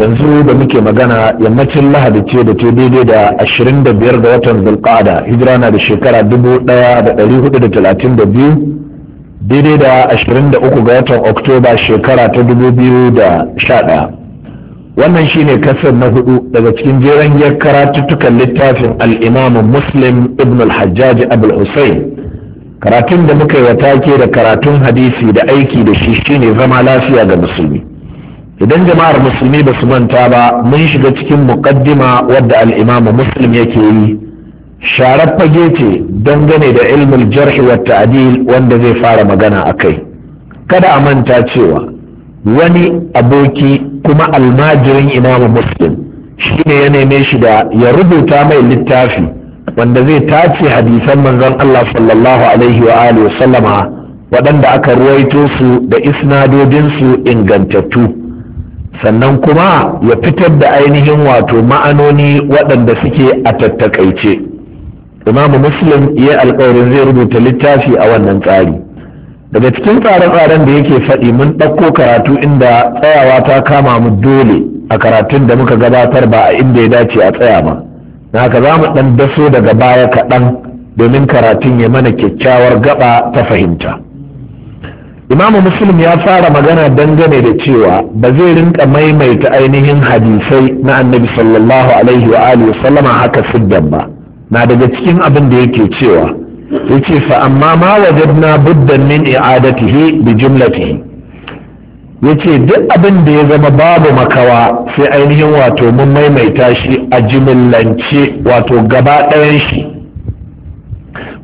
yanzu da muke magana yammacin lahadi ce da ke daidai da 25 ga watan zulqada hijira na da shekara 1432 daidai da 23 ga watan oktoba shekara ta 2011 wannan shine kasar na hudu daga cikin jeren karatuttukan littafin al'imamin muslim ibn al-hajjaji abul hussein karatun da muka yi wa take da karatun hadisi da aiki da shi shine zama lafiya ga musulmi idan jama'ar musulmi ba su manta ba mun shiga cikin muqaddima wadda al'imamu muslim yake yi sharar fage ce dangane da ilmul jarhi wa ta'dil wanda zai fara magana a kai kada a manta cewa wani aboki kuma almajirin imamu muslim shine ya neme shi da ya rubuta mai littafi wanda zai tace hadisan manzon Allah sallallahu alaihi wa alihi waɗanda aka ruwaito su da isnadodinsu ingantattu sannan kuma ya fitar da ainihin wato ma'anoni waɗanda suke a tattakaice imamu muslim ya alkawarin zai rubuta littafi a wannan tsari daga cikin tsare-tsaren da yake faɗi mun ɗauko karatu inda tsayawa ta kama mu dole a karatun da muka gabatar ba a inda ya dace a tsaya ba na haka za mu ɗan daso daga baya kaɗan domin karatun ya mana kyakkyawar gaba ta fahimta. imamu muslim ya fara magana dangane da cewa ba zai rinka maimaita ainihin hadisai na annabi sallallahu alaihi wa alihi sallama haka siddan ba na daga cikin abin da yake cewa yace fa amma ma wajadna buddan min i'adatihi bi jumlatihi yace duk abin da ya zama babu makawa sai ainihin wato mun maimaita shi a jimillance wato gaba ɗayan shi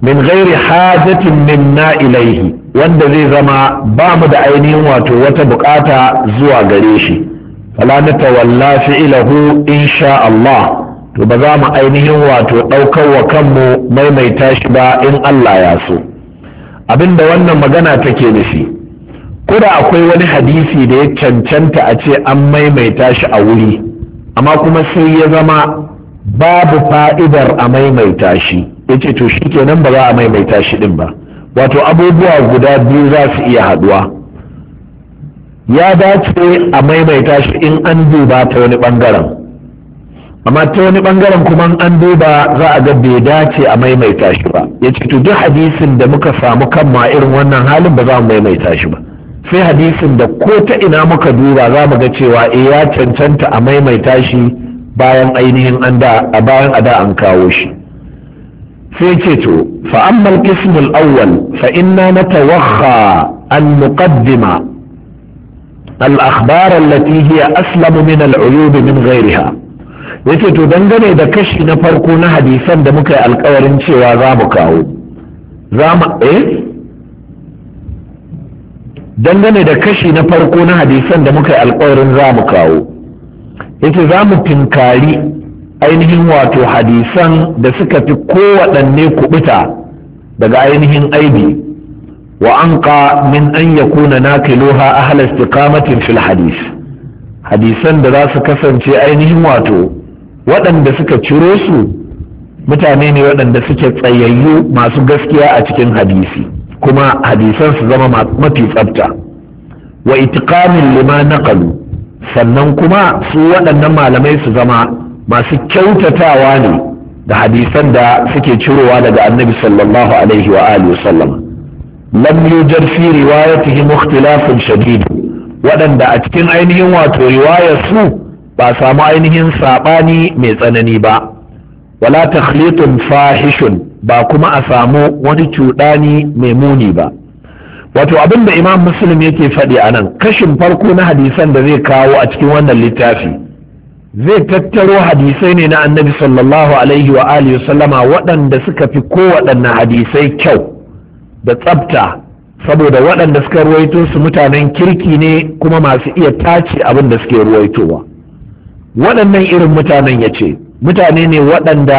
min ghairi hajatin minna ilaihi wanda zai zama ba mu da ainihin wato wata bukata zuwa gare shi fala tawalla in insha Allah to ba za mu ainihin wato ɗaukar wa kanmu maimaita shi ba in Allah ya so abinda wannan magana take nufi kuda akwai wani hadisi da ya cancanta a ce an maimaita shi a wuri amma kuma sai ya zama babu fa'idar a maimaita shi ya to shi kenan ba za a maimaita shi din ba wato abubuwa guda biyu za su iya haduwa ya dace a maimaita shi in an duba ta wani bangaren amma ta wani bangaren kuma an duba za a ga bai dace a maimaita shi ba ya ce to duk hadisin da muka samu kan ma irin wannan halin ba za mu maimaita shi ba sai hadisin da ko ta ina muka duba za mu ga cewa e ya cancanta a maimaita shi bayan ainihin an da a bayan ada an kawo shi sai ce to فأما القسم الأول ل نتوخى أن نقدم الأخبار التي هي أسلم من العيوب من غيرها وتتو دنجني دا كشف نفركونا حديثا دا مكا القورنشي وغام كاو غام ايه دنجني دا كشف نفركونا حديثا دا مكا القورن غام كاو اتو تنكالي ainihin wato hadisan da suka fi kowaɗanne kubuta daga ainihin aibi wa an min an yakuna naqiluha a istiqamatin fil hadis hadisan da za su kasance ainihin wato waɗanda suka ciro su mutane ne waɗanda suke tsayayyu masu gaskiya a cikin hadisi kuma hadisan su zama mafi tsabta wa itikamin lima na sannan kuma su waɗannan malamai su zama masu kyautatawa ne da hadisan da suke cirowa daga annabi sallallahu alaihi wa alihi sallam lam yujar fi riwayatihim ikhtilafun shadid waɗanda a cikin ainihin wato riwayar su ba samu ainihin sabani mai tsanani ba wala takhlitun fahishun ba kuma a samu wani cuɗani mai muni ba wato abin da imam muslim yake faɗi a nan kashin farko na hadisan da zai kawo a cikin wannan littafi zai tattaro hadisai ne na annabi sallallahu alaihi wa alihi sallama waɗanda suka fi kowaɗanne hadisai kyau da tsabta saboda waɗanda suka ruwaito su mutanen kirki ne kuma masu iya tace abin da suke ruwaitowa waɗannan irin mutanen ya ce mutane ne waɗanda